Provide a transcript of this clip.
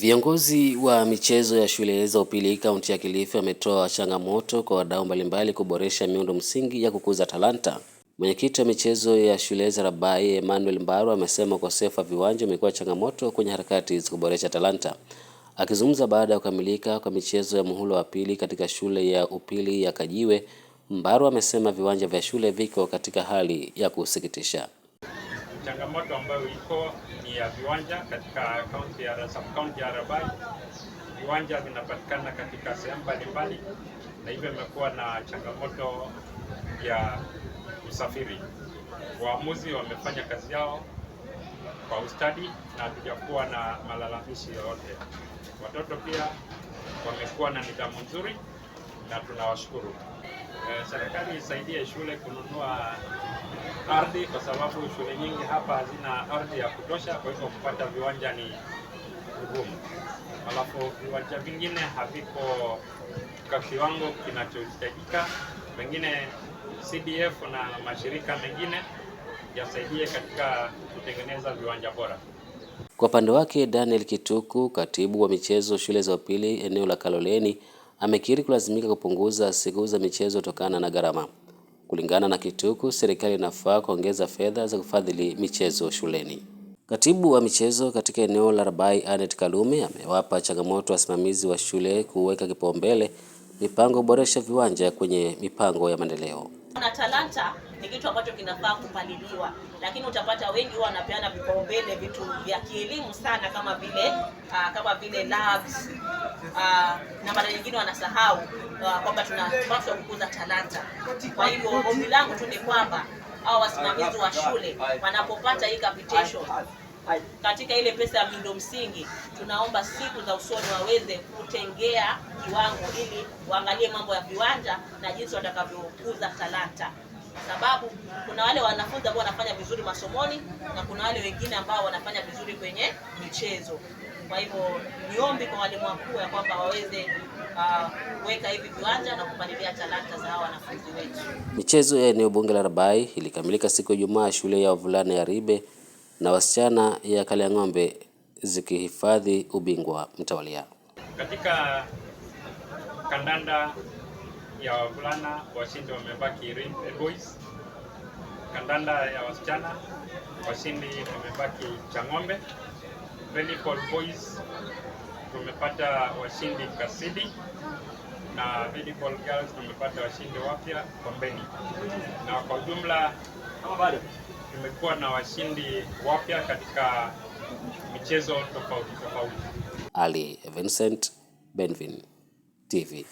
Viongozi wa michezo ya shule za upili kaunti ya Kilifi wametoa changamoto kwa wadau mbalimbali kuboresha miundo msingi ya kukuza talanta. Mwenyekiti wa michezo ya shule za Rabai Emmanuel Mbaru amesema ukosefu wa viwanja umekuwa changamoto kwenye harakati za kuboresha talanta. Akizungumza baada ya kukamilika kwa michezo ya muhula wa pili katika shule ya upili ya Kajiwe, mbaru amesema viwanja vya shule viko katika hali ya kusikitisha changamoto ambayo iko ni ya viwanja katika kaunti ya kaunti ya Rabai. Viwanja vinapatikana katika sehemu mbalimbali, na hivyo imekuwa na changamoto ya usafiri. Waamuzi wamefanya kazi yao kwa ustadi na hatujakuwa na malalamishi yoyote. Watoto pia wamekuwa na nidhamu nzuri na tunawashukuru. Eh, serikali isaidie shule kununua ardhi, kwa sababu shule nyingi hapa hazina ardhi ya kutosha, kwa hivyo kupata viwanja ni ugumu. Alafu viwanja vingine haviko kwa kiwango kinachohitajika, pengine CDF na mashirika mengine yasaidie katika kutengeneza viwanja bora. Kwa upande wake Daniel Kituku, katibu wa michezo shule za upili eneo la Kaloleni amekiri kulazimika kupunguza siku za michezo kutokana na gharama. Kulingana na Kituku, serikali inafaa kuongeza fedha za kufadhili michezo shuleni. Katibu wa michezo katika eneo la Rabai, Anet Kalume, amewapa changamoto wasimamizi wa shule kuweka kipaumbele mipango boresha viwanja kwenye mipango ya maendeleo. Na talanta ni kitu ambacho kinafaa kupaliliwa, lakini utapata wengi huwa wanapeana vipaumbele vitu vya kielimu sana, kama vile uh, kama vile labs uh, na mara nyingine wanasahau uh, kwamba tunapaswa kukuza talanta. Kwa hivyo ombi langu tu ni kwamba au wasimamizi wa shule wanapopata hii capitation katika ile pesa ya miundo msingi, tunaomba siku za usoni waweze kutengea kiwango ili waangalie mambo ya viwanja na jinsi watakavyokuza talanta, sababu kuna wale wanafunzi ambao wanafanya vizuri masomoni na kuna wale wengine ambao wanafanya vizuri kwenye michezo. Kwa hivyo niombi kwa walimu wakuu ya kwamba waweze ah, kuweka uh, hivi viwanja na kupalilia talanta za wanafunzi wetu. Michezo ya eneo bunge la Rabai ilikamilika siku ya Ijumaa shule ya wavulana ya Ribe na wasichana ya ng'ombe zikihifadhi ubingwa mtawalia. Katika kandanda ya wavulana washindi wamebaki Rimbe Boys, kandanda ya wasichana washindi wamebaki Chang'ombe. Volleyball Boys tumepata washindi Kasidi na Volleyball Girls tumepata washindi wapya Kombeni, na kwa ujumla imekuwa na washindi wapya katika michezo tofauti tofauti. Ali Vincent, Benvin TV.